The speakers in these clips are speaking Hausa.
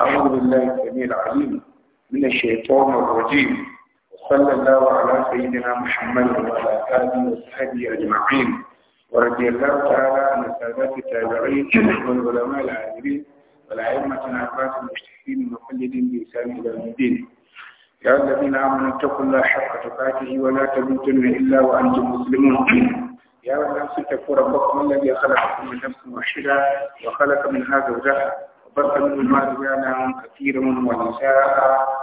أعوذ بالله السميع العليم من الشيطان الرجيم وصلى الله على سيدنا محمد وعلى آله وصحبه أجمعين ورضي الله تعالى عن السادات التابعين والعلماء العاملين والأئمة العباس المجتهدين المقلدين بإحسان إلى الدين يا الذين آمنوا اتقوا الله حق تقاته ولا تموتن إلا وأنتم مسلمون يا أيها الناس اتقوا ربكم الذي خلقكم من نفس واحدة وخلق منها زوجها وبخلوا المال كثيرا ونساء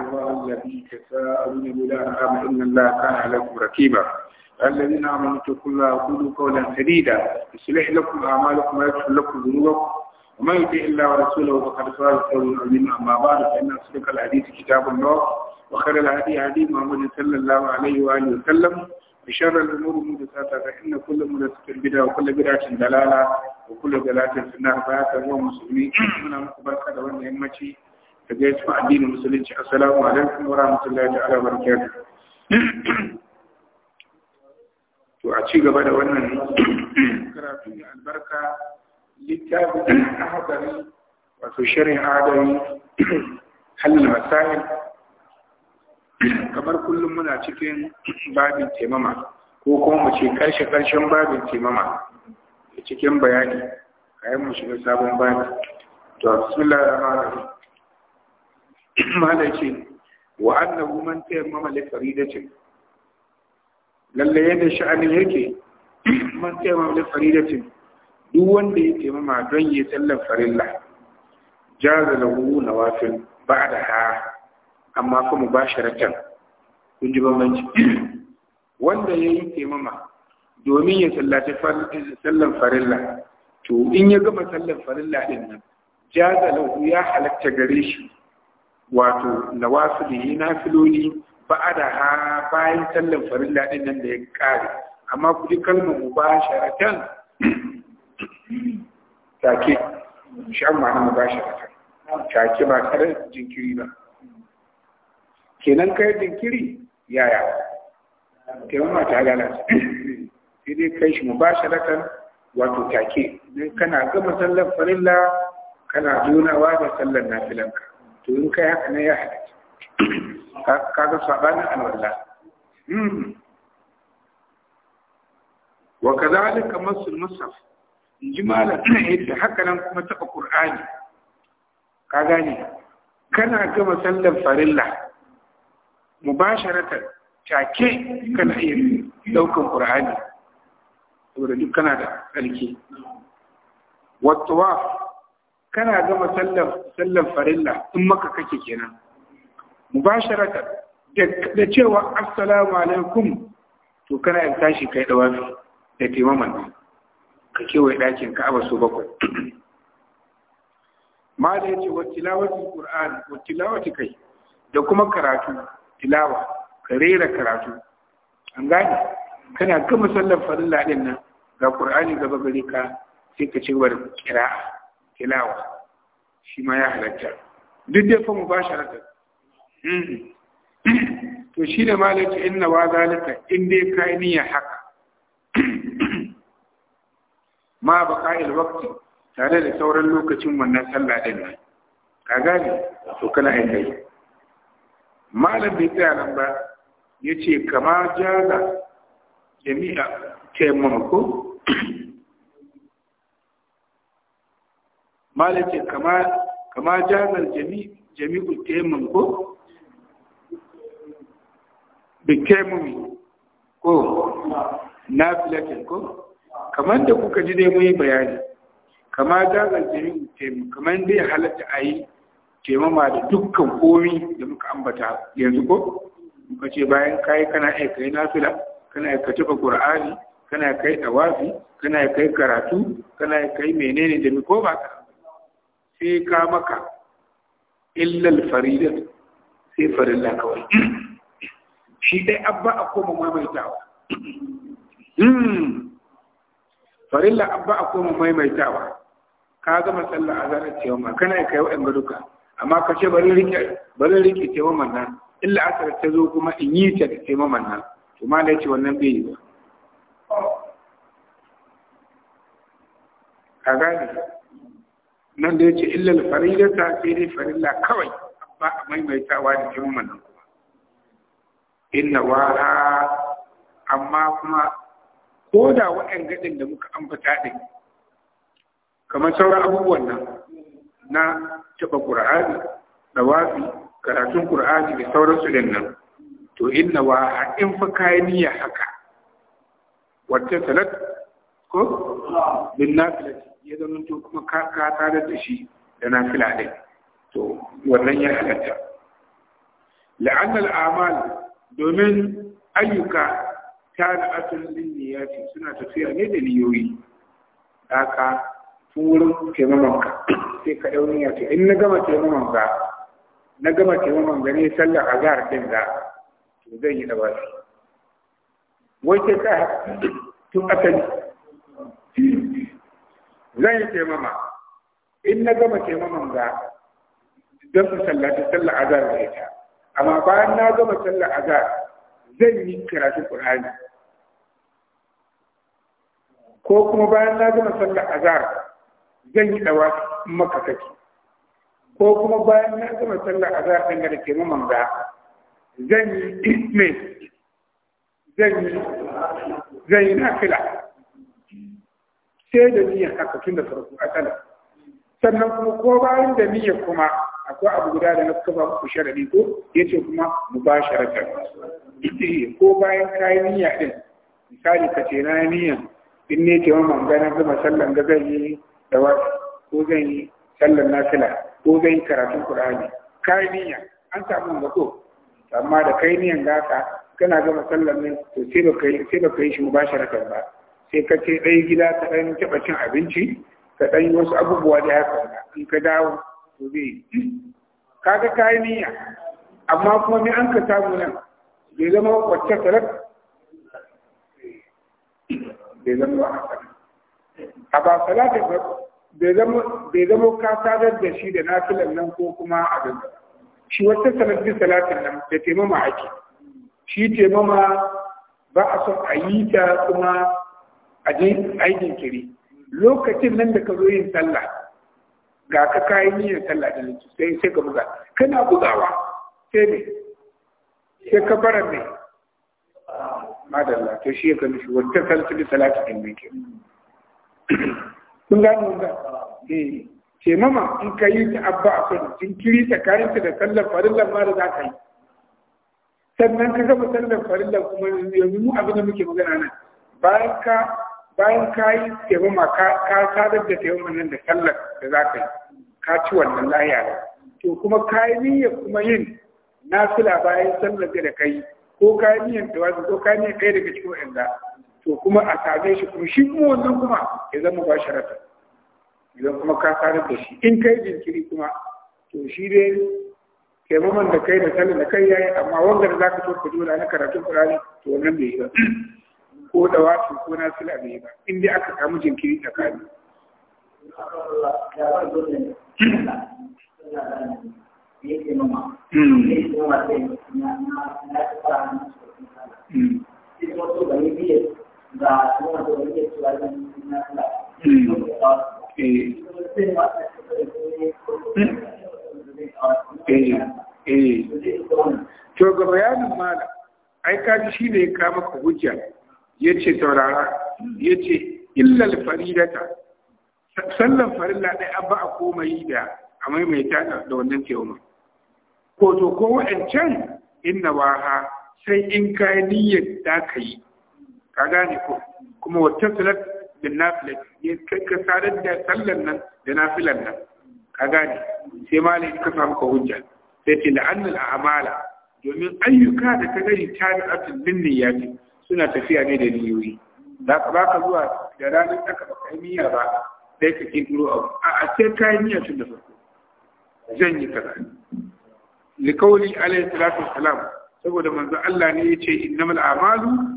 الله الذي تساءلون بلا إن الله كان لكم ركيبا الذين آمنوا اتقوا الله وقولوا قولا سديدا يصلح لكم أعمالكم ويغفر لكم ذنوبكم وما يطيع الله ورسوله فقد فاز قولا عظيما أما بعد فإن أصدق الحديث كتاب الله وخير الهدي هدي محمد صلى الله عليه وآله وسلم بشر الأمور محدثاتها فإن كل محدثة بدعة وكل بدعة دلالة وكل دلالة في النار فهذا هو مسلمين من المقبل هذا وأن يمتي فجاءت مع الدين المسلمين السلام عليكم ورحمة الله تعالى وبركاته to a ci gaba da wannan karatu mai albarka littafin ahadari wato shirin kamar kullum muna cikin babin taimama ko kuma mu ce karshe karshen babin taimama da cikin bayani yi mu shiga sabon babi to bismillah ar-rahman ar-rahim ce wa annahu man taimama li faridatin lalle yadda sha'anin yake man taimama li faridatin duk wanda ya taimama don ya sallar farilla na lahu nawafil ba'da ha amma kuma ba shi mubasharatan kun ji bambanci wanda ya yi taimama domin ya sallaci sallan farilla to in ya gama sallan farilla din nan jaza lahu ya halatta gare shi wato yi na filoli da ha bayan sallan farilla din nan da ya kare amma ku ji kalmar sharatan take shan ma'ana mubasharatan take ba tare jinkiri ba kenan kai jinkiri yaya taimama ta lalata shi dai kai shi mubasharatan wato take dan kana gama sallar farilla kana wa da sallar ka to in kai haka ne ya ga kaga an alwala hmm. wa kadhalika masul musaf inji malam yadda haka nan kuma ta qur'ani ka gane kana gama sallar farilla mubasharatan take kana iya daukan qur'ani saboda duk kana da tsarki wattawaf kana gama sallan farilla in maka kake kenan mubasharatan da cewa assalamu alaikum to kana yin tashi kai da wani da taimaman ka kewaye ɗakin ka'aba su bakwai ma da yace wa tilawati qurani wa tilawati kai da kuma karatu tilawa ka rera karatu an gane kana gama sallar farilla din nan ga qur'ani gaba gari ka sai ka ci gaba da qira'a tilawa shi ma ya halatta duk dai fa mubasharatan hmm. to shi da malaka inna wa zalika in dai ka niyya haka ma il waqti tare da sauran lokacin wannan sallah din nan ka gane to kana yin dai malam bai tsaya nan ba ya ce kama jaga jami'a taimako malam ce kama jalar jami'u taimako bikemumi ko na filatin ko kamar da kuka ji dai mai bayani kama jalar jami'u taimako kamar dai halatta a yi taimama da dukkan komi da muka ambata yanzu ko muka ce bayan kai kana iya kai nafila kana iya tuka qur'ani kana kai tawafi kana kai karatu kana kai menene da ko ba ka sai ka maka illa al-farida sai farilla kawai shi dai abba a koma maimaitawa hmm. farilla abba a koma maimaitawa ka gama sallar azhar cewa kana iya kai wa'anda duka amma ka ce bari rike bari rike taimaman nan illa asar ta zo kuma in yi ta ce ma nan to ma da ce wannan bai yi ba ka gani nan da ya ce illal farilata sai dai farilla kawai ba a maimaitawa da ma nan kuma inna wara amma kuma ko da waɗanda da muka ambata ɗin kamar sauran abubuwan nan na taɓa ƙur'ani dawafi karatun ƙur'ani da sauransu din nan to inna wa in fa kayi niyya haka wata salat ko bin nafila ya zama to kuma ka ka tare da shi da nafila din to wannan ya halatta la'anna al'amal domin ayyuka da asalin niyyati suna tafiya ne da niyoyi haka tun wurin taimakonka sai ka ɗau niyyar ce in na gama taimakon ga na gama taimakon ga ne sallar azhar din ga to zan yi shi wai sai ka tun asali zan yi taimama in na gama taimakon ga don su sallaci sallar azhar da ita amma bayan na gama sallar azhar zan yi karatun qur'ani ko kuma bayan na gama sallar azhar zan yi dawafi maka kake ko kuma bayan na gama sallar azhar din da ke mun zan yi ismi zan yi zan yi nafila sai da niyyar haka tun da farko asala sannan kuma ko bayan da niyyar kuma akwai abu guda da na kafa muku sharadi ko yace kuma mubasharatan ita ko bayan kayan niyya din misali ka ce na niyya in ne ke mamman gana gama sallan da zai yi da wasu ko zan yi sallar nafila ko zan yi karatun qur'ani kai niyya an samu mako amma da kai niyan da ka kana gama sallar ne to sai ba kai sai ba kai shi mubasharatan ba sai ka ce dai gida ka dan taba cin abinci ka dan yi wasu abubuwa da haka in ka dawo to zai kaga kai niyya amma kuma me an ka samu nan bai zama wacce salat bai zama haka a ba salatin ba bai zama ka sadar da shi da nafilan nan ko kuma abin shi wata sanadin salatin nan da taimama ake shi taimama ba a son a yi ta kuma a je aikin kiri lokacin nan da ka zo yin sallah ga ka kayan niyyar sallah da lantarki sai sai ka buga kana bugawa sai ne sai ka fara ne madalla to shi ya kanu shi wata sanadin salatin nan ke kun gano ga eh ce mama in ka yi ta abba a sun sun kiri tsakanin ta da sallar farillar ma da za ka yi sannan ka gama sallar farillar kuma yanzu mu abin da muke magana nan bayan ka bayan ka yi taimama ka sadar da taimama nan da sallar da za ka yi ka ci wannan lahiya to kuma ka yi niyyar kuma yin nafila bayan sallar da ka yi ko ka yi niyyar tawazu ko ka yi niyyar kai daga cikin wa'anda to kuma a same shi kuma shi kuma wannan kuma ya zama ba sharata idan kuma ka sanar da shi in kai jinkiri kuma to shi dai maman da kai da sallar da kai ya yi amma wanda da za ka tofa dole na karatun kurani to wannan bai yi ba ko da wasu ko na sila bai yi ba in dai aka samu jinkiri da tsakani. Mm. wani hmm. eh. hmm. To ga bayanin malam, ai kaji shi ne ya kama ka hujja, ya ce taurara, ya ce illal faridata, sallan farilla ɗaya an ba a komai yi da a maimaita da wannan teoma. Ko to ko wa'ancan inna waha sai in kayan niyyar da ka yi, ka gane ko kuma wata salat da nafila ne kai ka sadar da sallan nan da nafilan nan ka gane sai malai ka samu ka hujja sai ce la'annal a'mala domin ayyuka da ka gani tabi'atul binniyati suna tafiya ne da niyoyi za ka ba ka zuwa da ranar ɗaka ka ba sai ka kirkiro abu a sai ka yi niyya tun da farko zan yi kaza likawli alayhi salatu wassalam saboda manzo Allah ne ya ce innamal a'malu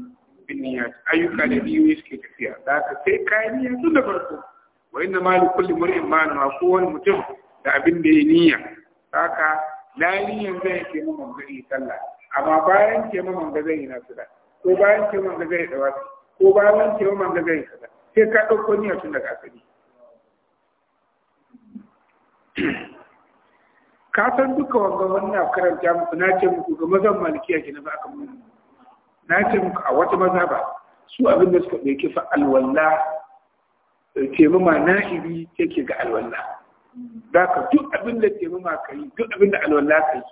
bin ayyuka da biyu suke tafiya da haka sai kayan da farko wa inna ma likulli ma na mutum da abin da ya niyya haka zai ke mamman amma bayan ke mamman zai ko bayan ke mamman zai ko bayan ke mamman zai sai ka san duka wanga na karanta muku na ce muku ga mazan malikiya ke na ba kamar mun na ce muku a wata maza ba, su abin da suka ɗauki fa alwala taimama na'ibi yake ga alwala da ka duk abin da ma ka yi duk abin da alwala ka yi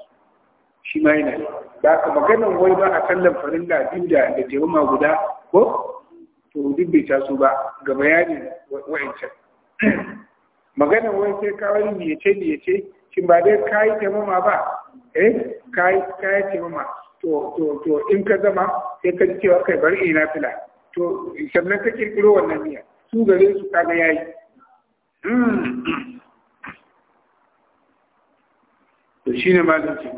shi ma yana yi da ka maganan wai ba a sallan farin biyu da da ma guda ko to duk bai taso ba ga bayani wa'ancan maganan wai sai kawai niyace niyace shin ba dai ka yi ma ba eh ka yi ma to to to in ka zama sai ka ji cewa kai bari ina fila to sannan ka kirkiro wannan niyya su gare su kaga yayi hmm. to shine malam ce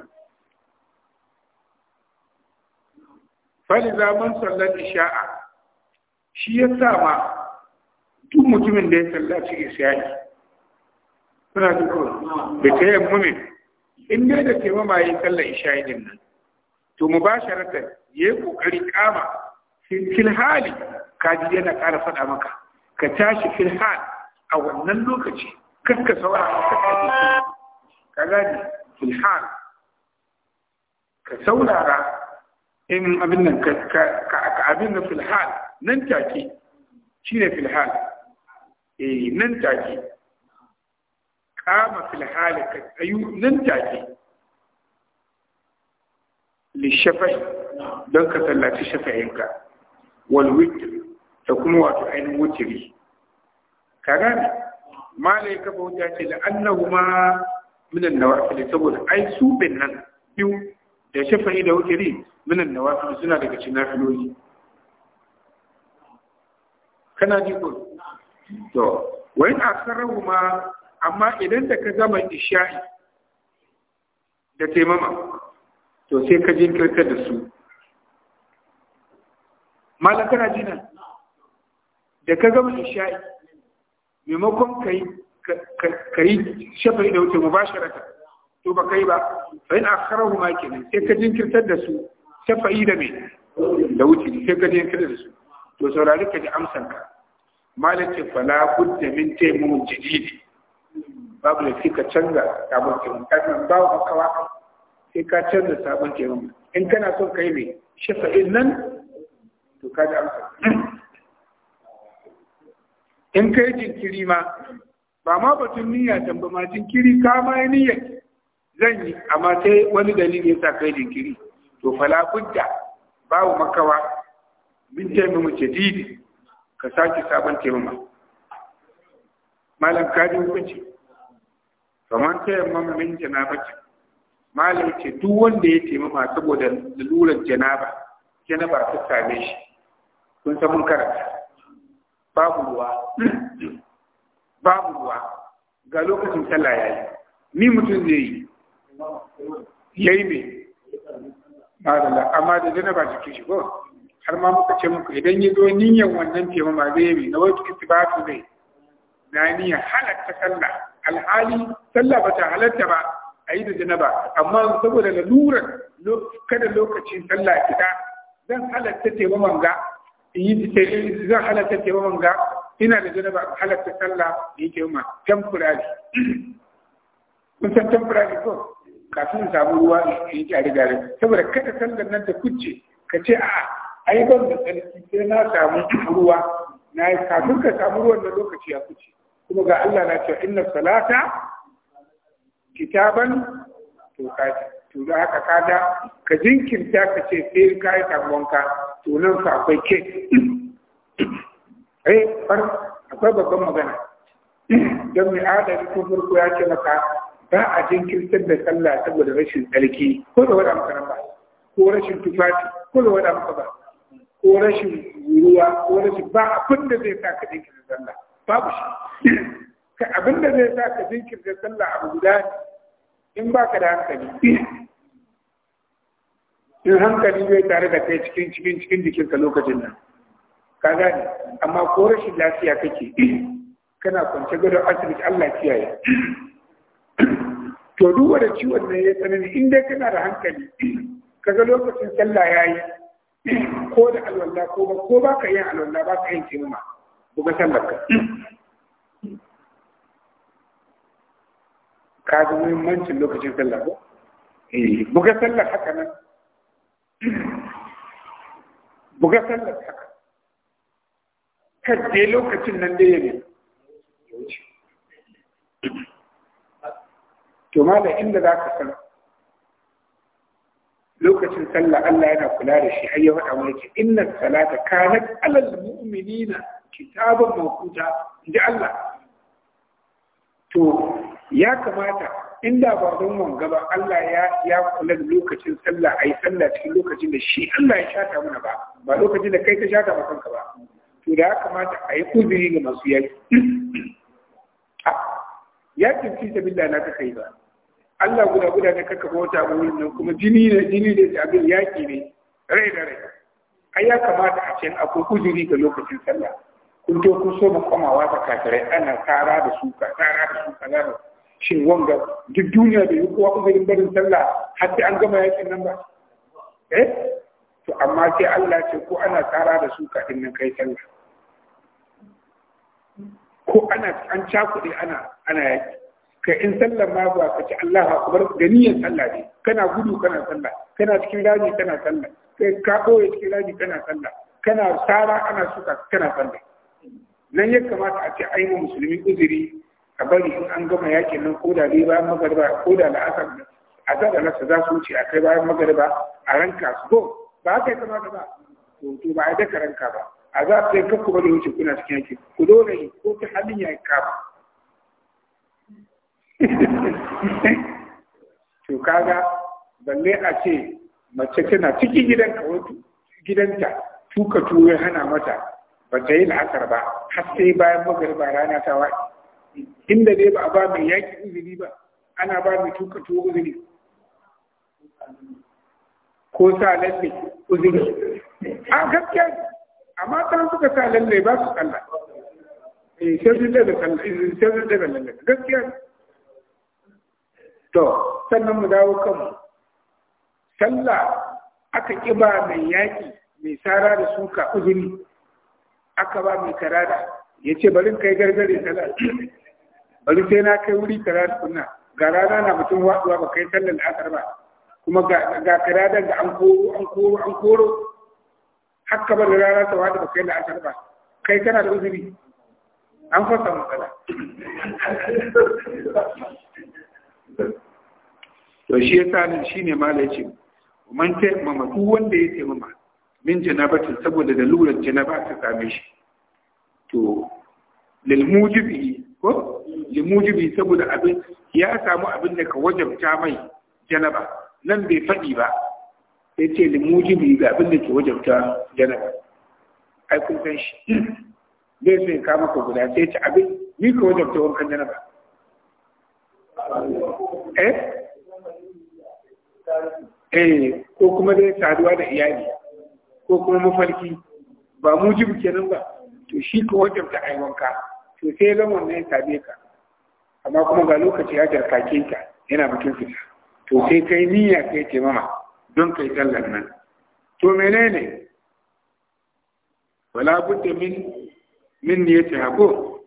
fali zaman sallar isha'a shi ya sa ma duk mutumin da ya sallaci isha'i suna duk da ta yi mai in dai da taimama ya sallar isha'i din nan to mubasharatan yayi kokari kama fil hali kaji yana ƙara faɗa maka ka tashi fil a wannan lokaci kar ka saura ka kaji ka gani fil hal ka saurara in abin nan ka abin na fil hal nan take shine fil hal eh nan take kama fil hal ka tsayu nan take lishafai don ka sallaci shafa'inka wal witr da kuma wato ainihin wutiri ka gane malai kafa wuta ce da annahu ma minan nawafil saboda ai su nan biyu da shafa'i da wutiri minan nawafil suna daga cikin nafiloli kana ji ko to wai a sarrafu ma amma idan da ka gama isha'i da taimama to sai ka kirkar da su malam kana jina da ka gama isha'i maimakon ka yi ka yi shafa'i da wuce raka, to ba kai ba fa a akharahu ma kenan sai ka kirkar da su shafa'i da mai da wuce sai ka kirkar da su to saurari ka ji amsan ka malam ce fala budda min taimun jadidi babu da ka canza kafin kin kan babu kawa sai ka canza sabon taimama in kana son kai mai shafa'in nan to ka ji amsa in ka yi jinkiri ma ba ma batun niyya ba ma jinkiri ka ma yi niyya zan yi amma sai wani dalili ya sa kai jinkiri to fala budda babu makawa min mace jadidi ka sake sabon ma malam ka ji hukunci kamar ta taimama min janabacin malam ce duk wanda ya taimama saboda lalurar janaba janaba ta same shi kun san mun karanta babu ruwa babu ruwa ga lokacin sallah yayi ni mutum zai yi yayi ne madalla amma da janaba ta shi ko har ma muka ce muku idan ya zo niyyar wannan taimama zai yi na ba su zai na niyyar halatta sallah alhali sallah ba ta halatta ba a yi da janaba amma saboda lalurar kada lokacin sallah fita zan halatta taimaman in yi zan halatta taimaman manga ina da janaba halatta sallah da yi taimama temporary mun san temporary ko kafin samu ruwa in yi a riga saboda kada sallar nan ta kucce ka ce a'a ai ban da sai na samu ruwa na kafin ka samu ruwan da lokaci ya kucce. kuma ga Allah na ce inna salata kitaban to ka to da ka kada ka jinkirta ka ce sai ka yi karbonka to nan ka akwai ke eh far akwai babban magana don mai adali ko farko ya ce maka ba a jinkirtar da sallah saboda rashin tsarki ko da wani amfani ba ko rashin tufafi ko da wani amfani ba ko rashin ruwa ko rashin ba abin da zai sa ka jinkirta sallah babu shi abin da zai sa ka jinkirta sallah abu guda ne in ba ka da hankali in hankali bai tare da kai cikin cikin cikin jikinka lokacin nan ka gane amma ko rashin lafiya kake kana kwance gado asibiti Allah kiyaye to duk wanda ciwon nan ya tsanani in dai kana da hankali kaga lokacin sallah yayi ko da alwala ko ba ko ba ka yin alwala ba ka yin cimma buga sallar ka ka ga muhimmancin lokacin sallah ko eh buga sallah haka nan buga sallah haka kadde lokacin nan da yake to mala inda za ka san lokacin sallah Allah yana kula da shi har ya faɗa mana ce inna salata kanat alal mu'minina kitaban mawquta inji Allah to ya kamata inda ba don wanga ba Allah ya ya kula da lokacin sallah ai sallah cikin lokacin da shi Allah ya shata mana ba ba lokacin da kai ka shata ba kanka ba to da ya kamata a yi uzuri ga masu yaki ah, yakin fi sabilla na ka kai ba Allah guda guda ne kaka bauta a wurin nan kuma jini ne jini ne da abin yaki ne rai da rai ai ya kamata a cikin akwai uzuri ga lokacin sallah kun to kun so mu komawa ta kafirai ana tsara da suka tsara da suka tsara shin wanga duk duniya da yi kowa uzurin barin sallah har sai an gama yakin nan ba eh to amma sai Allah ce ko ana tsara da su kafin nan kai sallah ko ana an cakuɗe ana ana yaki ka in sallah ma ba ka ci Allahu akbar da niyyar sallah ne kana gudu kana sallah kana cikin daji kana sallah kai ka koyi cikin daji kana sallah kana tsara ana suka kana sallah nan ya kamata a ce ainihin musulmi uzuri a bari an gama yakin nan ko da dai bayan magariba ko da la'asar da a da nasa za su wuce a kai bayan magariba a ranka su ko ba haka ya da ba to to ba a daka ranka ba a za su yi kakku bari wuce kuna cikin yakin ku dole yi ko ta halin ya kama to kaga balle a ce mace tana cikin gidanka wato gidanta tuka tuwo hana mata ba ta yi la'asar ba har sai bayan magariba rana ta waɗi inda dai ba a ba mai yaƙi izini ba ana ba mai tukatu uzuri. izini ko sa lalle izini a gaskiya amma kan suka sa lalle ba su kalla eh, sai da da eh, lalle gaskiya to sannan mu dawo kanmu sallah aka kiba mai yaƙi mai tsara da suka uzuri aka ba mai karada ya ce barin kai gargare sallah bari sai na kai wuri kaza tukunna ga rana na mutum waɗuwa ba kai sallar asar ba kuma ga kiradan da an koro an koro an koro haka bari rana ta waɗu ba kai da asar ba kai kana da uzuri an fasa matsala to shi sa nan shine malai ce man ta mama duk wanda ya ce mama min janabatin saboda da lura janaba ta same shi to lilmujibi ko mujibi saboda abin ya samu abin da ka wajabta mai janaba nan bai faɗi ba sai ce mujibi ga abin da ke wajabta janaba ai kun san shi zai sai ya kama ka guda sai ce abin ni ka wajabta wankan janaba eh eh ko kuma dai saduwa da iyali ko kuma mafarki ba mujibi kenan ba to shi ka wajabta ai wanka to sai zan wannan ya same ka amma kuma ga lokaci ya jarkake ka yana mutum fita to sai kai niyya kai ce mama don kai sallar nan to menene wala budda min min niyyati hako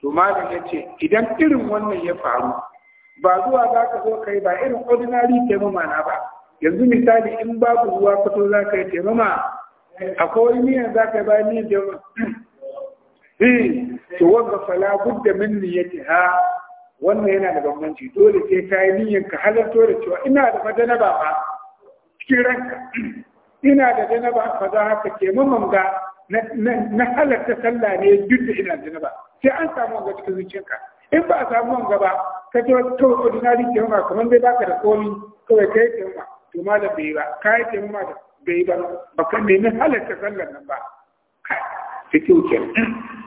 to malam ce idan irin wannan ya faru ba zuwa za ka zo kai ba irin ordinary taimama na ba yanzu misali in babu ruwa fito za ka yi taimama akwai wani niyyar za ka yi bayan niyyar taimama eh, to wanda fala budda min niyyatiha wannan yana da bambanci dole sai ka yi niyyar ka halarto da cewa ina da madanaba ba cikin ranka ina da janaba fa za haka ke mamanga na halarta sallah ne duk da ina janaba sai an samu wanga cikin zuciyarka in ba a samu wanga ba ka ce to ordinary kiyama kamar dai baka da komi kawai kai kiyama to ma da bai ba kai kiyama da bai ba ba ka nemi halarta sallah nan ba kai ke kyau kenan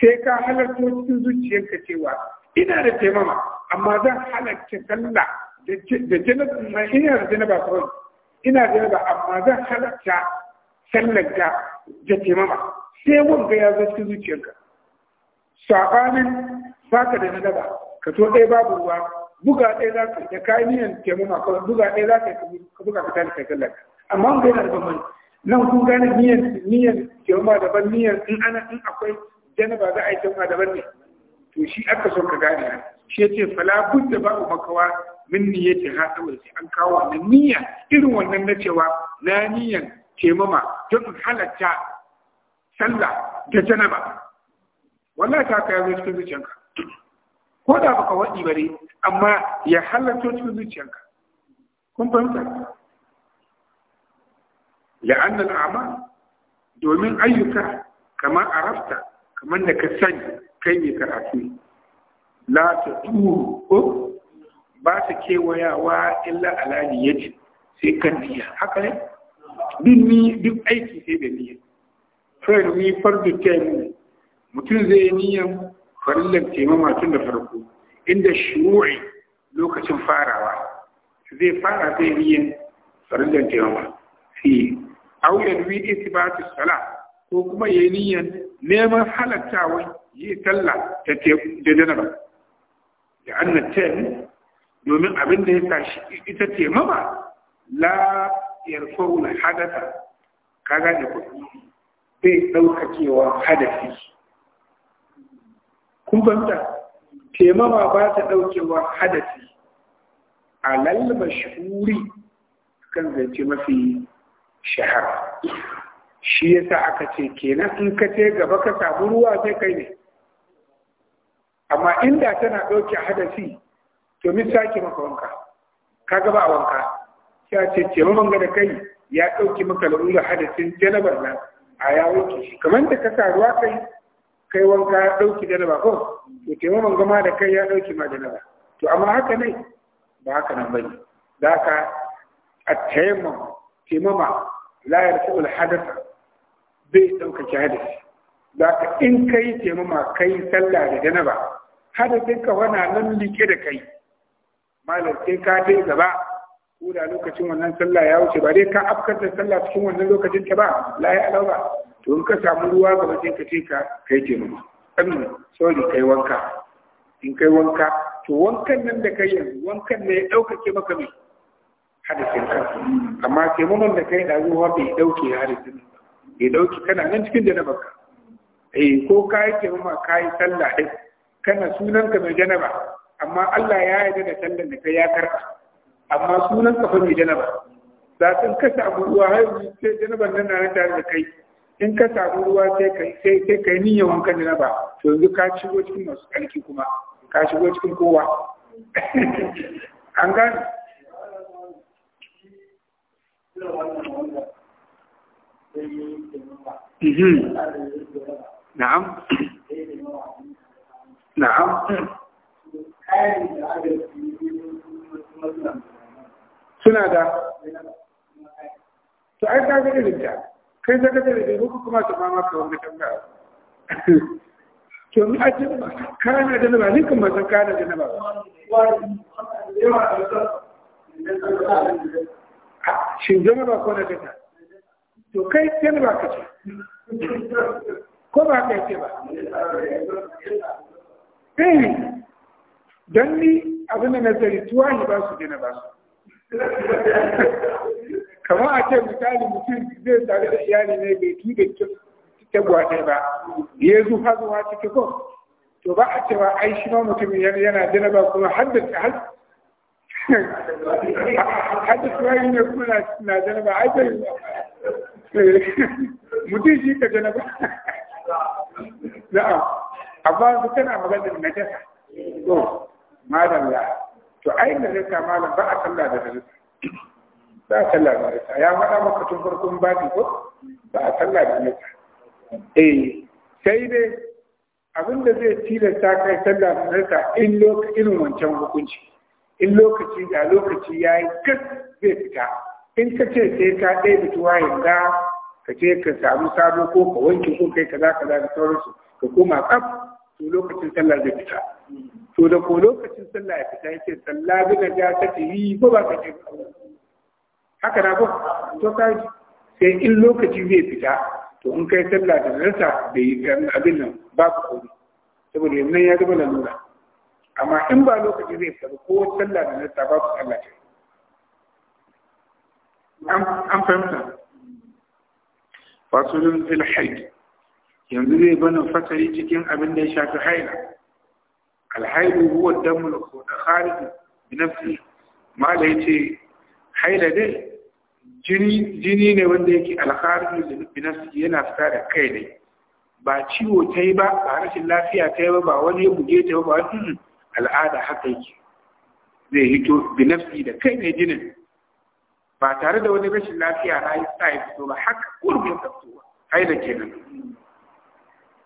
sai ka halarta cikin zuciyarka cewa ina da taimama amma zan halarta kalla da janaba ina da janaba kawai ina da janaba amma zan halarta sallar da da taimama sai ga ya zo cikin zuciyarka sabanin baka da janaba ka to ɗaya babu ruwa buga ɗaya za ka da kayan niyan taimama kawai buga ɗaya za ka ka buga ka tafi kai sallar amma wanga yana da bambanci nan kun gane niyan niyan taimama daban niyan in ana in akwai janaba za a yi tauna daban ne to shi aka son ka gane shi ce fala da ba makawa min niyyati ha saboda sai an kawo wannan niyya irin wannan na cewa na niyyan taimama don halatta sallah da janaba wallahi ta kai zo cikin zuciyanka ko da baka wadi bare amma ya halatto cikin zuciyanka kun fahimta la'anna al'amal domin ayyuka kama arafta kamar da ka sani kai mai karatu la ta turu ko ba ta kewayawa illa alani ya ce sai kan niyya haka ne duk ni duk aiki sai da niyya fayar ni fardu taimu mutum zai yi niyyan farillan ma tun da farko inda shuru'i lokacin farawa zai fara zai niyyan farillan ma. fi auyar ba ta sala ko kuma ya niyyar neman halattawa yi talla ta da janaba da anna tem domin abin da ya tashi ita taimama la na hadata ka gane ku bai daukacewa hadafi kun fahimta taimama ba ta daukewa hadafi a lalba kan zance mafi shahara shi ya sa aka ce kenan in ka ce gaba ka samu ruwa sai kai ne amma inda tana ɗauke hadasi to min sake maka wanka ka gaba a wanka ya ce ce mamanga da kai ya ɗauki maka lalura hadasin janabar nan a ya wuce shi kamar da ka sa ruwa kai kai wanka ya ɗauki janaba ko to ce mamanga ma da kai ya ɗauki ma janaba to amma haka ne ba haka nan bane da haka a taimama mama la yarfu al hadatha zai ɗaukake hadasi za ka in ka yi taimama ka yi sallah da janaba kai ka wana nan liƙe da kai malam sai ka dai gaba ko da lokacin wannan sallah ya wuce ba dai ka afkar da sallah cikin wannan lokacin ka ba la ya alawa to in ka samu ruwa gaba sai ka ce ka kai taimama Amin. sauri kai wanka in kai wanka to wankan nan da kai yanzu wankan ne ya ɗaukake maka mai hadisin ka amma taimaman da kai da zuwa bai ɗauke hadisin ya dauki kana nan cikin ka eh ko ka yi ma ka yi sallah din kana sunan ka mai janaba amma Allah ya yarda da sallan da kai ya karba amma sunan ka fa mai janaba da ka ka samu ruwa har sai janaban nan na tare da kai in ka samu ruwa sai kai sai sai kai niyyar wankan janaba to yanzu ka shigo cikin masu kalki kuma ka shigo cikin kowa an gane na'am na'am suna da to ai ka ga irin kai zaka da irin ko kuma ta mama ka wani tambaya to mi a cikin kana da ba ni kuma san kana da ba. shin jama'a ko na kata to kai ne ba ka ce ko ba ka ce ba eh don ni abin da nazari tuwa ne ba su gina ba su kamar a ce misali mutum zai tare da iyali ne bai tuɗe tagwa ne ba ya zu hazuwa cikin ko to ba a cewa ai shi ma mutum yana gina ba kuma har haddasa tuwa ne kuma na gina ba ai bai Eh, mutum shi ka janaba Na'am. amma su tana da najasa to malam ya to ai najasa malam ba a sallah da najasa ba a sallah da najasa ya faɗa maka tun farkon baki ko ba a sallah da najasa eh sai dai abin da zai tilasta kai sallah da najasa in lokacin wancan hukunci in lokaci da lokaci ya yi kas zai fita in ka ce sai ka ɗaya da tuwa ka ce ka samu sabo ko ka wanke ko kai kaza kaza da sauransu ka koma kaf to lokacin sallah zai fita to da ko lokacin sallah ya fita yake sallah bina ja ta yi ko ba ka ce haka na ko to kai sai in lokaci zai fita to in kai sallah da rasa da yi abin nan ba ku komai saboda yanzu ya zama lalura amma in ba lokaci zai fita ko sallah da rasa ku sallah ce an fahimta fasulun fil haid yanzu zai bani fasari cikin abin da ya shafi haila alhaidu huwa damul kharij bi nafsi ma da yace haila dai jini jini ne wanda yake kharij bi nafsi yana fita da kai ne ba ciwo ta yi ba ba rashin lafiya ta yi ba ba wani ya buge ta ba ba al'ada haka yake zai hito bi nafsi da kai ne jinin ba tare da wani rashin lafiya na yi sa ya fito ba haka kurkun ta fito haida kenan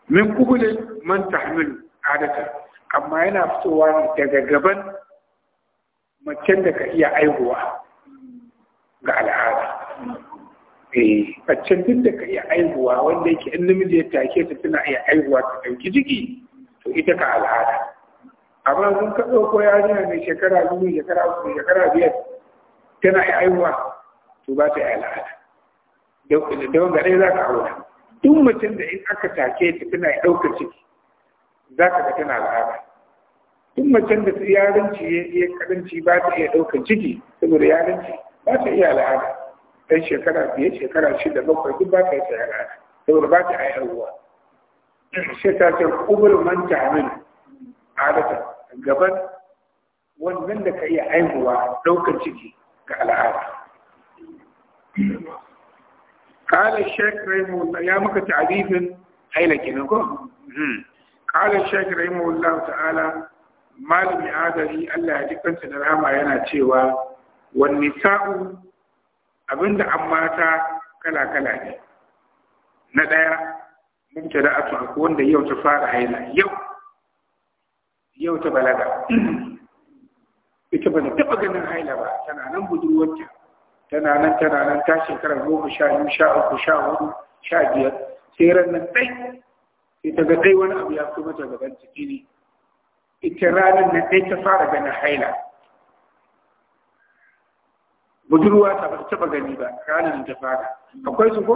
min kubulin man tahmilu adatan amma yana fitowa daga gaban macen da ka iya aihuwa ga al'ada eh macen duk da ka iya aihuwa wanda yake in namiji ya take ta tana iya aihuwa ta ɗauki jiki to ita ka al'ada amma sun ka ya yarinya mai shekara biyu shekara uku shekara biyar tana yi aiwa to ba ta yi al'ada da wanda ɗaya za ka aura duk mutum da in aka take ta tana yi ɗaukar ciki za ka ga tana al'ada duk mutum da yarinci ya iya karanci ba ta iya ɗaukar ciki saboda yarinci ba ta iya al'ada ɗan shekara biye shekara shida bakwai duk ba ta yi al'ada saboda ba ta yi aiwa sai ta ce kubur manta min adata gaban wannan da ka iya aihuwa ɗaukar ciki al'ara. al'ada Sheikh الشيخ ya muka tarifin مك تعريف هيلا كنكو قال الشيخ adari Allah ya jikanta da rama yana cewa wani sa'u abinda an mata kala-kala ne na ɗaya mubtada a wanda yau ta fara haila yau yau ta balaga ita ba ta taɓa ganin haila ba tana nan budurwarta tana nan tana nan ta shekara goma sha biyu sha uku sha hudu sha biyar sai ran nan ɗai sai ta ga ɗai wani abu ya fi mata gaban ciki ne ita ranar nan ɗai ta fara ganin haila budurwa ta ba ta taɓa gani ba ranar ta fara akwai su ko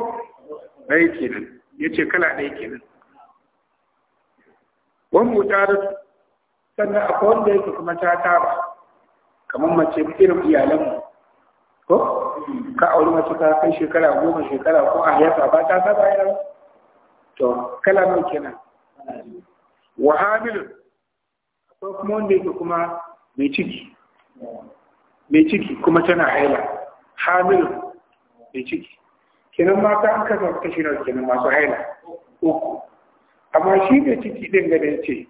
ɗaya kenan ya ce kala ɗaya kenan wani mutarar sannan akwai wanda yake kuma ta taba kamar mace irin iyalanmu ko ka auri mace ka kai shekara goma shekara ko a ya saba ta saba ya to kala nau kenan wa hamil akwai kuma wanda yake kuma mai ciki mai ciki kuma tana haila hamil mai ciki kenan mata an kasa shi nan kenan masu haila uku amma shi mai ciki ɗin ga ce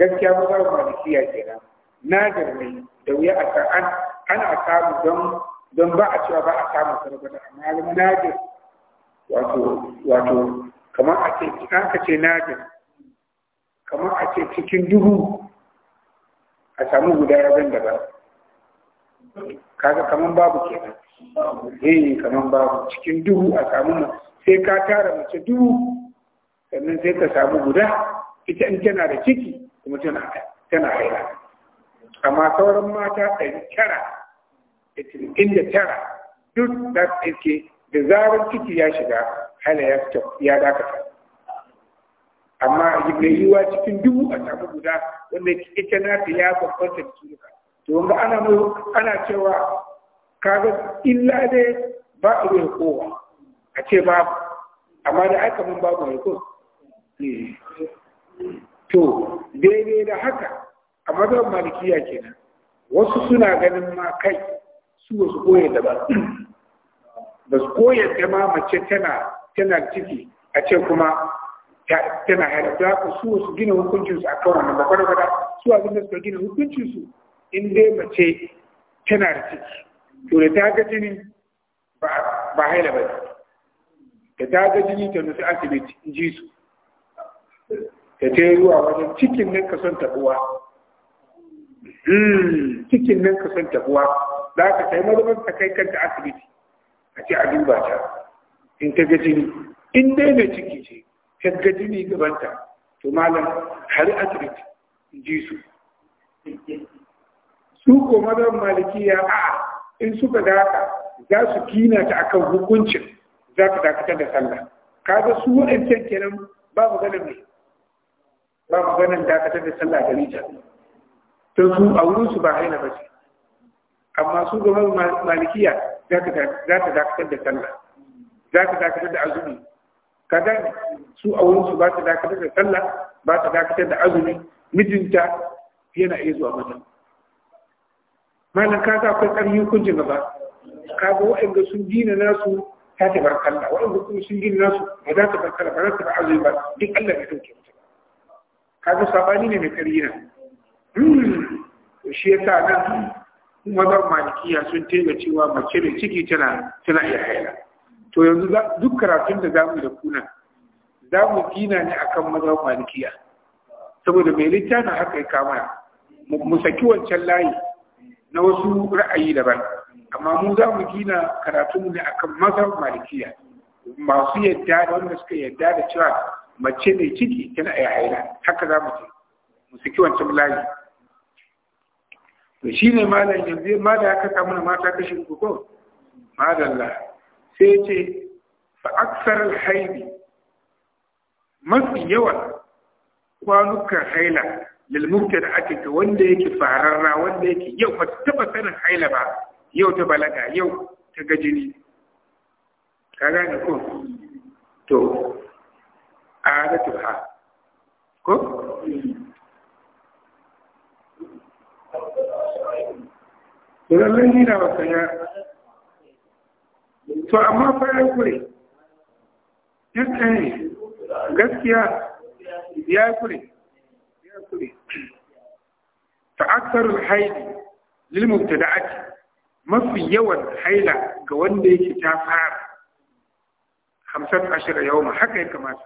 gaskiya ba za mu kiyaye kenan na garmai da wuya a an ana samu don ba a cewa ba a samu sarrafa da ya zama najis wato wato kamar a ce an ka ce najis kamar a ce cikin duhu a samu guda ya zan daban kaga kaman babu kenan yi eh, kaman babu cikin duhu a samu sai ka tara mace duhu sannan sai ka samu guda ita in tana da ciki kuma tana tana haila amma sauran mata ɗari tara da tara duk da su da zarar ciki ya shiga hana ya ya dakata amma mai yiwa cikin dubu a samu guda wanda ita na ta ya babbanta da su duka to wanda ana ana cewa kaga illa dai ba a kowa a ce babu amma da aka mun babu mai eh. to daidai da haka a mazhab malikiya kenan wasu suna ganin ma kai su wasu koyar da ba ba su koyar da ma mace tana tana ciki a ce kuma tana halatta ku su wasu gina hukuncin su kawai wannan ba kwata su wasu da suka gina hukuncin su in dai mace tana da ciki to da ta ga jini ba haila ba da ta ga jini ta nufi asibiti in ji su ta ce zuwa wajen cikin nan ka son tabuwa Hmm. cikin nan ka san tafuwa za ka sai mazaban ta kai kanta asibiti a ce a duba ta in ta ga jini in dai mai ciki ce ta ga jini gabanta to malam har asibiti in ji su su ko mazaban malikiya a in suka daka za su kina ta akan hukuncin za ka dakatar da sallah kaga su waɗancan kenan ba ganin ne ba ganin dakatar da sallah da rita don su a wurin su ba haina ba ce amma su ga malikiya za ta dakatar da sallah za ta dakatar da azumi kada su a wurin su ba ta dakatar da sallah ba ta dakatar da azumi mijinta yana iya zuwa mata malam ka ga akwai ƙarfi hukuncin gaba ka ga waɗanda sun gina nasu ta ta bar kalla waɗanda kuma sun gina nasu ba za ta bar kalla ba za ta bar azumi ba duk Allah ya ɗauke mutum ka ga sabani ne mai ƙarfi na Hmm. shi ya sa nan mazan malikiya sun tela cewa mace da ciki tana tana iya haila to yanzu duk karatun da zamu da kuna zamu gina ne akan mazan malikiya saboda mai littafin haka ya kama mu saki wancan layi na wasu ra'ayi daban amma mu za mu gina karatunmu ne akan mazan malikiya masu yadda da wanda suka yadda da cewa mace mai ciki tana iya haila haka za mu ce mu saki wancan layi to shi ne malam yanzu ma da aka samu na mata kashi kuko madalla sai ce fa aksar alhaili mafi yawa kwanukan haila lilmukta da ake ta wanda yake fararra wanda yake yau ba ta taba sanin haila ba yau ta balaga yau ta gajini. ka gane ko to a ha ko to lallai ni na wata ya to amma fa ya kure yadda ne gaskiya ya kure ya kure ta aksarul haidi da mubtada'ati mafi yawan haila ga wanda yake ta fara hamsin ashirin yau ma haka ya kamata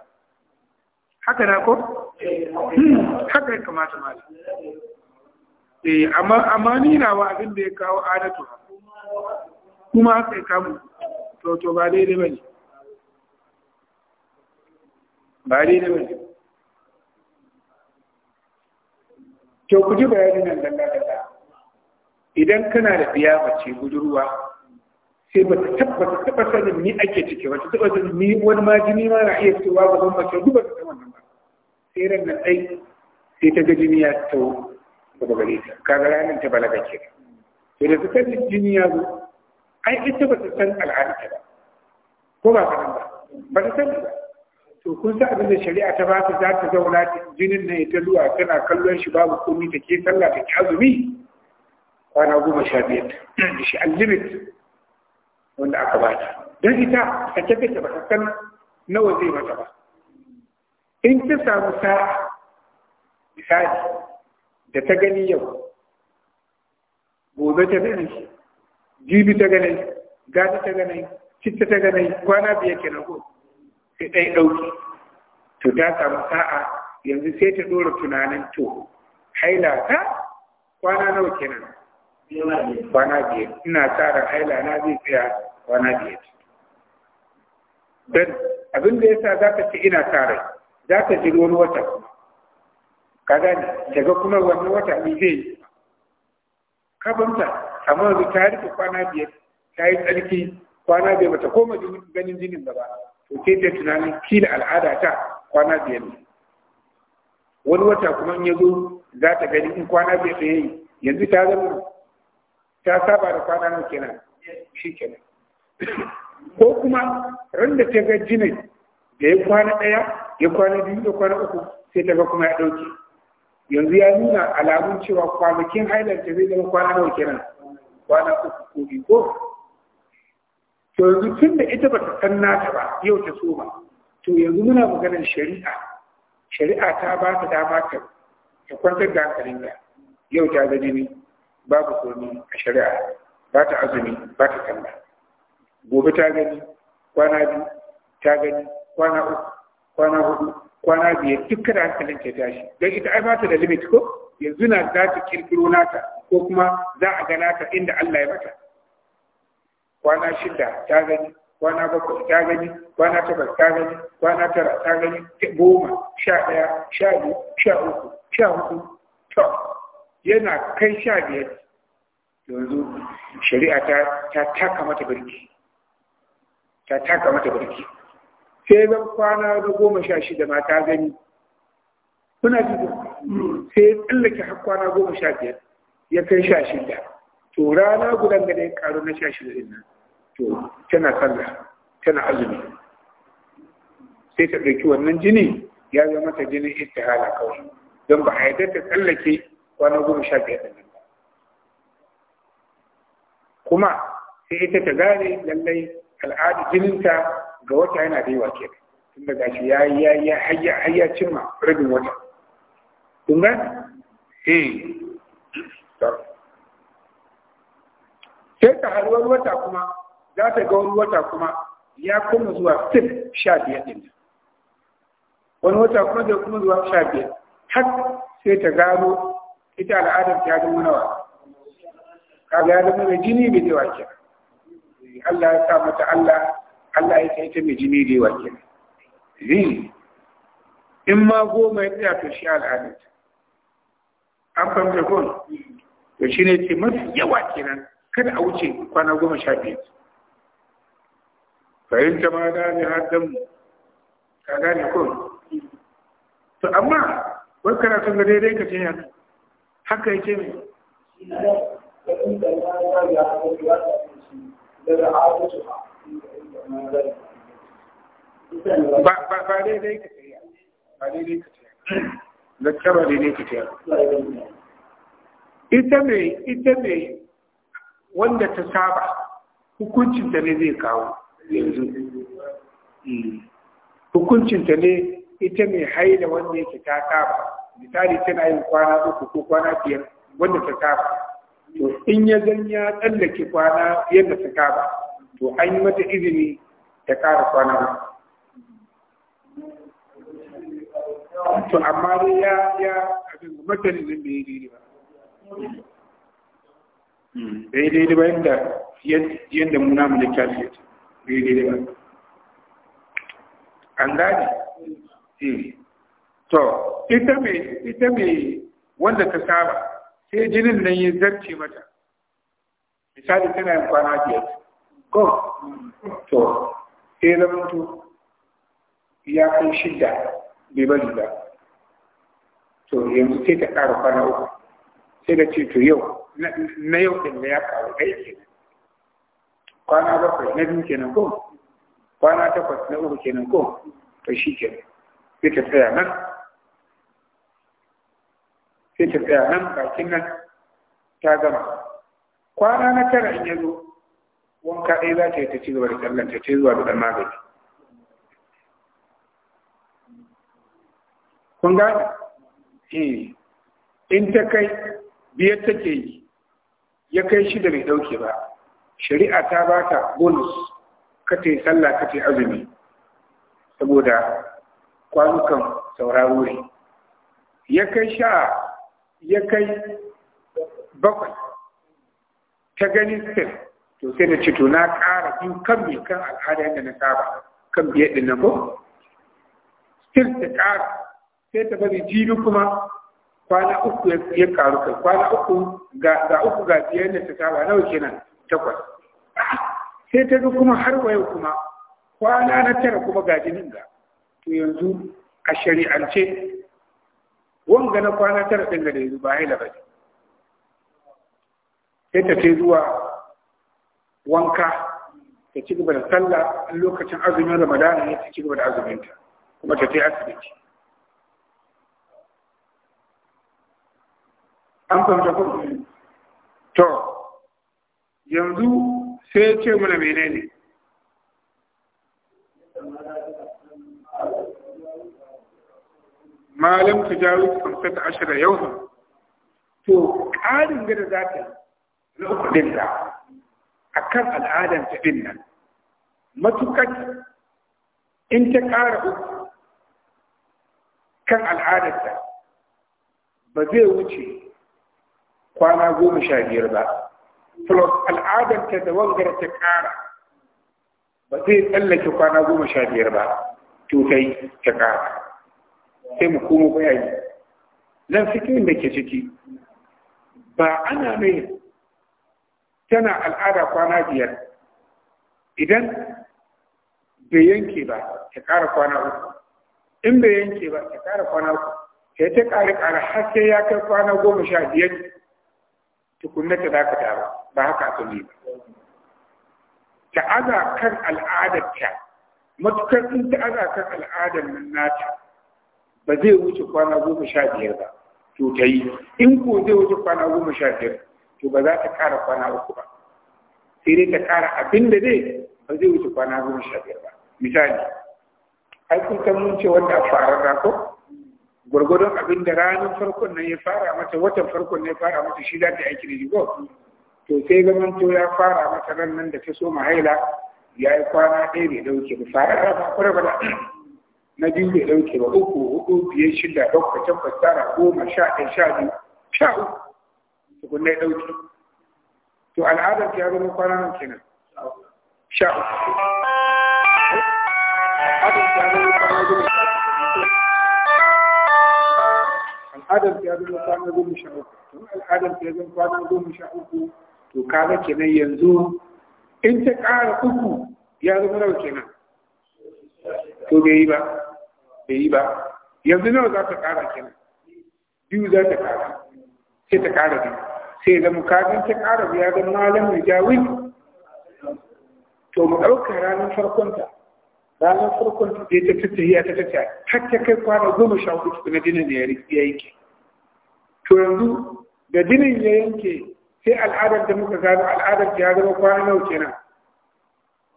haka na ko hmm. haka ya kamata malam eh amma amma ni na wa abin da ya kawo adatu kuma haka ya kamu to to ba daidai ba ne ba daidai ba ne to ku ji bayanin nan dalla dalla idan kana da biya mace budurwa sai ba ta tabbata taba sanin ni ake ciki ba ta taba sanin ni wani majini ma na iya fitowa gaban mace duba ta wannan ba sai ran nan dai sai ta ga jini ya tawo daga gare ta kaga ranar ta balaga ke to da ta san jini ya zo ai ita ba ta san al'ada ta ba ko ba kanan ba ba ta san ba to kun sa abin da shari'a ta ba ta za ta zauna jinin na ita luwa tana kallon shi babu komi ta ke sallah ta kyazumi. kwana goma sha biyar da shi unlimit wanda aka ba ta don ita a kyafe ta ba ta san nawa zai mata ba in ta samu sa'a misali da ta gani yau gobe ta gani jibi ta gani gata ta gani citta ta gani kwana biyar kenan ko sai ɗaya ɗauki to ta samu sa'a yanzu sai ta ɗora tunanin to haila ta kwana nawa kenan kwana biyar ina tsara haila na zai tsaya kwana biyar don abin da ya sa za ka ce ina tsara za ka ji wani wata ka gane daga kuma wannan wata ne zai yi ka banta amma yanzu ta rike kwana biyar ta yi tsarki kwana biyar bata koma ganin jinin ba to sai ta tunanin kila al'ada ta kwana biyar ne wani wata kuma in ya zo za ta gani in kwana biyar ta yi yanzu ta zama ta saba da kwana nan kenan shi kenan ko kuma ran da ta ga jinin da ya kwana ɗaya ya kwana biyu da kwana uku sai ta ga kuma ya ɗauke yanzu ya nuna alamun cewa kwanakin ta zai zama kwana nawa kenan kwana uku ko biyu ko to yanzu tun da ita bata san nata ba yau ta so ba to yanzu muna maganar shari'a shari'a ta ba ta dama ta ta kwantar da hankalin da yau ta gani ne babu komi a shari'a ba ta azumi ba ta kalla. gobe ta gani kwana biyu ta gani kwana uku kwana hudu kwana biyar duk kada lanke ta tashi don ita ai bata da limit ko yanzu na za ta kirkiro nata ko kuma za a gana ta inda Allah ya mata kwana shida ta gani kwana bakwai ta gani kwana takwas ta gani kwana tara ta gani goma sha ɗaya sha biyu sha uku sha hudu to yana kai sha biyar yanzu shari'a ta taka mata birki ta taka mata birki sai zan kwana na goma sha shida ma ta gani suna jiki sai ya tsallake har kwana goma sha biyar ya kai sha shida to rana gudan ga ya karu na sha shida din nan to tana sallah tana azumi sai ta ɗauki wannan jini ya zama mata jinin istihala kawai don ba a yarda ta tsallake kwana goma sha biyar din nan kuma sai ita ta gane lallai al'adu jininta ga wata yana da yawa ke tun da gashi ya ya ya ya hayya cimma rabin wata kun ga eh sai ta haruwar wata kuma za ta ga wani wata kuma ya kuma zuwa Sif sha biyar ɗin wani wata kuma zai kuma zuwa sha biyar har sai ta gano ita al'adar ta yi wani nawa kaga ya zama mai jini bai yawa ke Allah ya sa mata Allah Allah ya san ita mai jini da yawa kenan zin in ma goma ya tsaya to shi al'adarta. an fahimta ko to shi ne ce mafi yawa kenan kada a wuce kwana goma sha biyar fahimta ma gane ne har dan ka gane ko to amma wai karatun ga daidai ka ce yana haka yake mai daga ba ba dai ka ce ba dai ka ce zakka ba dai ka ce ita ne ita mai wanda ta saba hukuncin ta ne zai kawo yanzu hmm. ta ne ita mai haila wanda yake ta saba misali tana yin kwana uku ko kwana biyar wanda ta saba to in ya zan ya tsallake kwana yadda ta saba to an yi mata izini ta ƙara kwana to amma dai ya ya abin matanin nan bai daidai ba hmm, bai daidai ba yadda yadda muna mu littafi ya ce bai daidai ba an gani, hmm. to ita mai ita mai wanda ta saba sai jinin nan ya zarce mata misali tana yin kwana biyar ko to sai na mutu ya kai shidda bai bari ba to yanzu sai ta ƙara kwana uku sai da ce to yau na yau ɗin da ya kawo ɗaya kenan kwana bakwai na biyu kenan ko kwana takwas na uku kenan ko to shi kenan sai ta tsaya nan sai ta tsaya nan bakin nan ta gama kwana na tara in ya zo wanka ɗaya za ta yi ta ci gaba da sallan ta ce zuwa da magani kun ga eh. in ta kai biyar take yi ya kai shi da bai ɗauke ba shari'a ta ba ta bonus ka ta yi sallah ka ta yi azumi saboda kwanukan sauraro ne ya kai sha'a, ya kai bakwai ta gani to sai na ce to na ƙara biyu kan mai kan al'ada yadda na saba kan biyar ɗin nan ko sai ta ƙara sai ta bari jibi kuma kwana uku ya ƙaru kai kwana uku ga uku ga biyar da ta saba nawa kenan takwas sai ta ga kuma har wayo kuma kwana na tara kuma ga jinin ga to yanzu a shari'ance wanga na kwana tara ɗin ga da yanzu ba haila ba sai ta ce zuwa wanka ta ci gaba da sallah lokacin azumin ramadana ne ta ci gaba da azuminta kuma ta je asibiti an fahimta ko to yanzu sai ya ce mana menene malam ta tajawuz hamsat ashara yau to ƙarin gada za ta na uku ɗin da akan al'adan ta din nan matukar in ta ƙara uku kan al'adarta ba zai wuce kwana goma sha biyar ba plus al'adarta da wangar ta ƙara ba zai tsallake kwana goma sha biyar ba tutai ta ƙara sai mu komo bayani nan fikin da ke ciki ba ana mai tana al'ada kwana biyar idan bai yanke ba ta ƙara kwana uku in bai yanke ba ta ƙara kwana uku sai ta ƙara ƙara har sai ya kai kwana goma sha biyar tukunna ta ka ba ba haka aka yi ba ta aza kan al'adarta matukar in ta aza kan al'adar nan nata ba zai wuce kwana goma sha biyar ba to ta yi in ko zai wuce kwana goma sha biyar to ba za ta kara kwana uku ba sai dai ta kara abin da zai ba zai wuce kwana goma sha biyar ba misali ai kun san mun ce wata fararra ko gwargwadon abin da ranar farkon nan ya fara mata watan farkon nan ya fara mata shi za ta aiki da shi ko to sai zaman to ya fara mata ran nan da ta so mahaila ya yi kwana ɗaya bai ɗauke ba fararra ba kura ba na biyu bai ɗauke ba uku hudu biyar shida bakwai takwas tara goma sha ɗaya sha biyu sha uku tukunna ya ɗauki to al'adar ya zama kwana nan kenan sha al'adar ya zama kwana goma sha uku tun al'adar ya zama kwana goma sha uku to kaga kenan yanzu in ta ƙara uku ya zama nawa kenan to bai yi ba bai yi ba yanzu nawa za ta ƙara kenan biyu za ta ƙara sai ta ƙara biyu sai zama kagancin arab ya zama malam rijawi to mu ɗauka ranar farkonta ranar farkonta da ta tattahiya ta tattaya har ta kai kwana goma sha hudu tukuna jinin da ya yanke to yanzu da jinin ya yanke sai al'adar da muka gano al'adar ya zama kwana nawa kenan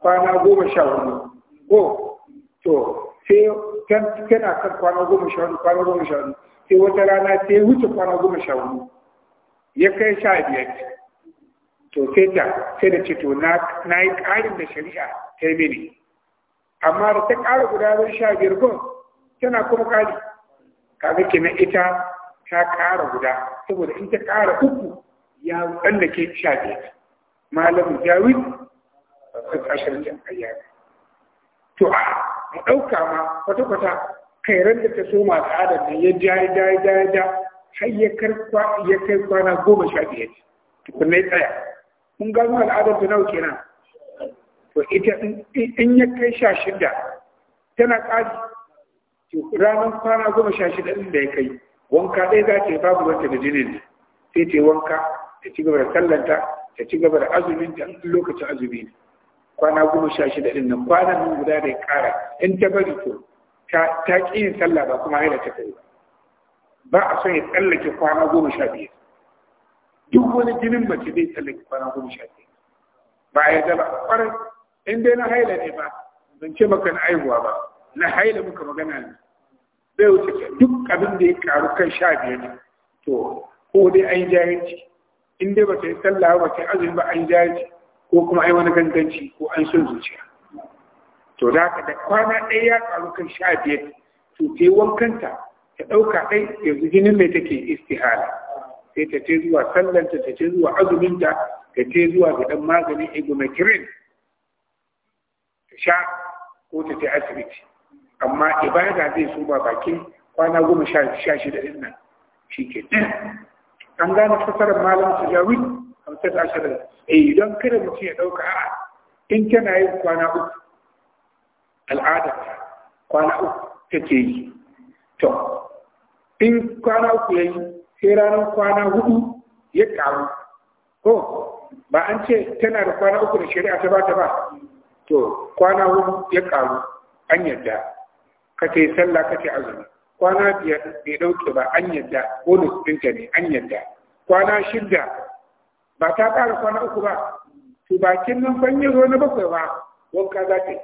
kwana goma sha hudu ko to sai tana kan kwana goma sha hudu kwana goma sha hudu sai wata rana sai wuce kwana goma sha hudu ya kai sha biyar to sai da sai da ce to na yi ƙarin da shari'a ta yi mini amma da ta ƙara guda zai sha biyar gun tana kuma ƙari kaga na ita ta ƙara guda saboda in ta ƙara uku ya tsallake sha biyar malamin jawi a ashirin da ayyana to a mu ɗauka ma kwata-kwata kairar da ta so al'adar adadin ya ja ja, ja ja har ya kai kwana goma sha biyar tukunna ya tsaya mun gano al'adar ta nawa kenan to ita in ya kai sha shida tana ƙari to ranar kwana goma sha shida ɗin da ya kai wanka ɗaya za ta yi babu wata da jinin sai ta yi wanka ta ci gaba da sallanta ta ci gaba da ta, lokacin azumi ne kwana goma sha shida ɗin nan kwanan nan guda da ya ƙara in ta bari to ta ƙi yin sallah ba kuma haila ta kai ba ba a son ya tsallake kwana goma sha biyar duk wani jinin mace zai tsallake kwana goma sha biyar ba ya dala kwarai in dai na haila ne ba zan ce maka na aihuwa ba na haila muka magana ne zai wuce duk abin da ya karu kan sha biyar ne to ko dai an jahilci in dai ba ta yi sallah ba ta yi azumi ba an jahilci ko kuma ai wani ganganci ko an son zuciya to da haka da kwana ɗaya ya karu kan sha biyar to ta yi wankanta ta ɗauka ɗai yanzu jinin mai take istihara sai ta ce zuwa sallanta ta ce zuwa azuminta ta ce zuwa ga ɗan maganin ibumakirin ta sha ko ta ce asibiti amma ibada zai so ba bakin kwana goma sha shida ɗin nan shi ke an gane fasarar malam su jawi hamsin ashirin yi eh, don kada mutum ya ɗauka a'a in tana yin kwana uku al'adarta kwana uku take yi to in kwana uku yayi sai ranar kwana hudu ya karu ko ba an ce tana da kwana uku da shari'a ta bata ba to kwana hudu ya karu an yadda Ka ce sallah ce azumi kwana biyar bai dauke ba an yadda bonus ɗinta ne an yadda kwana shida ba ta ƙara kwana uku ba to bakin nan ban yi na bakwai ba wanka za ta yi.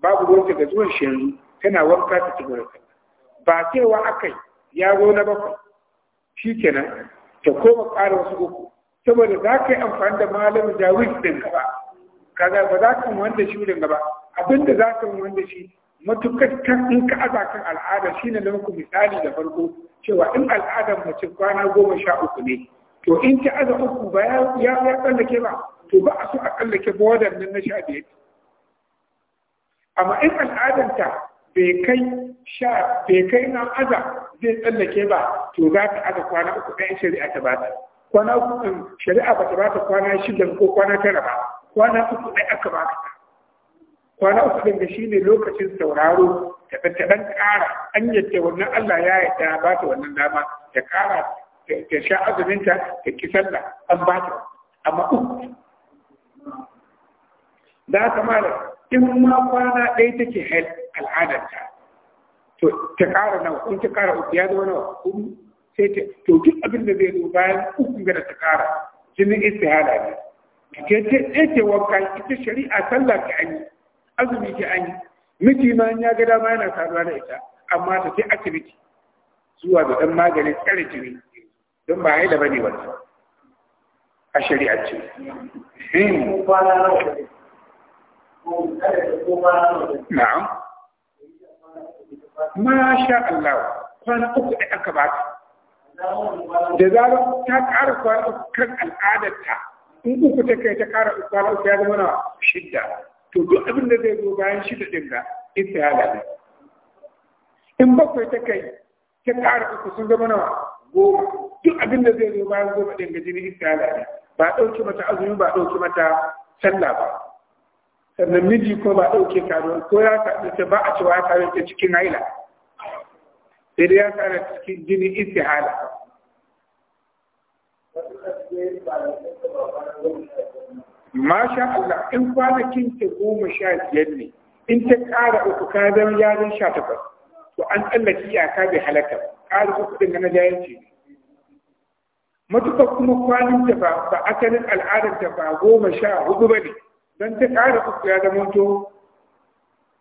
babu ruwanta ga zuwan shi yanzu tana wanka ta ci gurin ba cewa yi ya zo na bakwai shi kenan ta koma ƙara wasu uku saboda za ka yi amfani da malamin jawis ɗin ka ba kaga ba za ka wanda shi ɗin ba abin za ka wanda shi matukar kan in ka aza kan al'ada shi ne da muku misali da farko cewa in al'adar mace kwana goma sha uku ne to in ta aza uku ba ya tsallake ba to ba a so a tsallake bodar nan na sha biyar amma in al'adanta Bekai kai sha aza zai tsallake ba to za ta aza kwana uku ɗayan shari'a ta ba ta kwana uku ɗin um, shari'a ba ta ba ta kwana shida ko kwana tara ba kwana uku ɗaya aka ba ta kwana uku ɗin da shi ne lokacin sauraro ta ɗan ƙara an yadda wannan Allah ya yadda ba ta wannan dama ta ƙara ta sha azuminta ta ki sallah an ba ta amma uku da kamar in ma kwana ɗaya take hel al'adarta to ta ƙara nawa in ta ƙara uku ya zama nawa hudu sai ta to duk abin da zai zo bayan uku ga da ta ƙara jinin istihada ne ke ta tsaye wanka ita shari'a sallah ta an yi azumi ta an yi miji ma ya ga dama yana saduwa da ita amma ta ce asibiti zuwa da ɗan maganin tsare jini don ba haila ba ne wannan a shari'a ce. Hmm. Na'am. masha Allah kwana uku da aka ba ta da zara ta ƙara kwana uku kan al'adarta in uku ta kai ta ƙara kwana uku ya zama na shidda to duk abin da zai zo bayan shida ɗin ga ya ne in bakwai ta kai ta ƙara uku sun zama na goma duk abin da zai zo bayan goma ɗin ga jini ya ne ba ɗauki mata azumi ba ɗauki mata sallah ba namiji ko ba ɗauke karuwa ko ya sadu ta ba a cewa ya sadu ta cikin haila sai dai ya sadu cikin jini istihala masha Allah in kwanakin ta goma sha biyar ne in ta ƙara uku ka zama yarin sha takwas to an tsallake iyaka bai halatta ƙara uku ɗin na jayanci ne matuƙa kuma kwanin ta ba asalin al'adar ta ba goma sha hudu ba ne dan ta ƙara uku ya zama to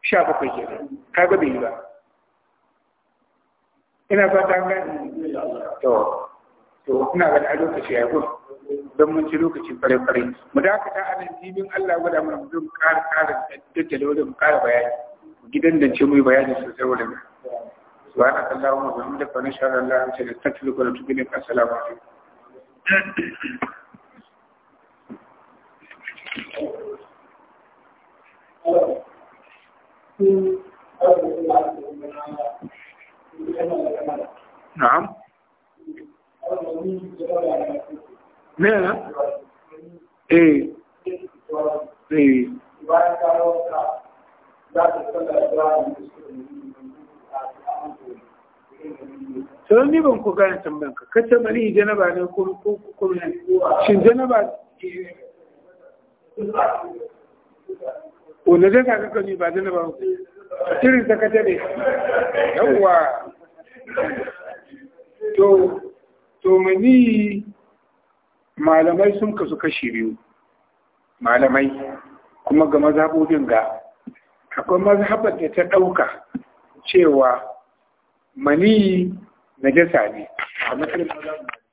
sha bakwai ke ka ga bai ba ina fata an gani to to ina ga a lokaci ya gudu don mun ci lokaci fare-fare mu dakata a nan jibin Allah ya gwada mana mu zo mutum ƙara ƙara daddada mu ƙara bayani gidan da ce mu yi bayani sosai wurin سبحانك اللهم وبحمدك ونشهد ان لا اله الا انت نستغفرك ونتوب اليك السلام عليكم نعم نعم ايه ايه sau ni ban ku gane tambayan ka kace janaba ne ko ko janaba wanda zai sa kanka ne ba zina na ba shirin ta kace ne yawwa to to mani malamai sun kasu kashi biyu malamai kuma ga mazhabobin ga akwai mazhabar da ta ɗauka cewa mani na jasa ne a matsayin mazhabin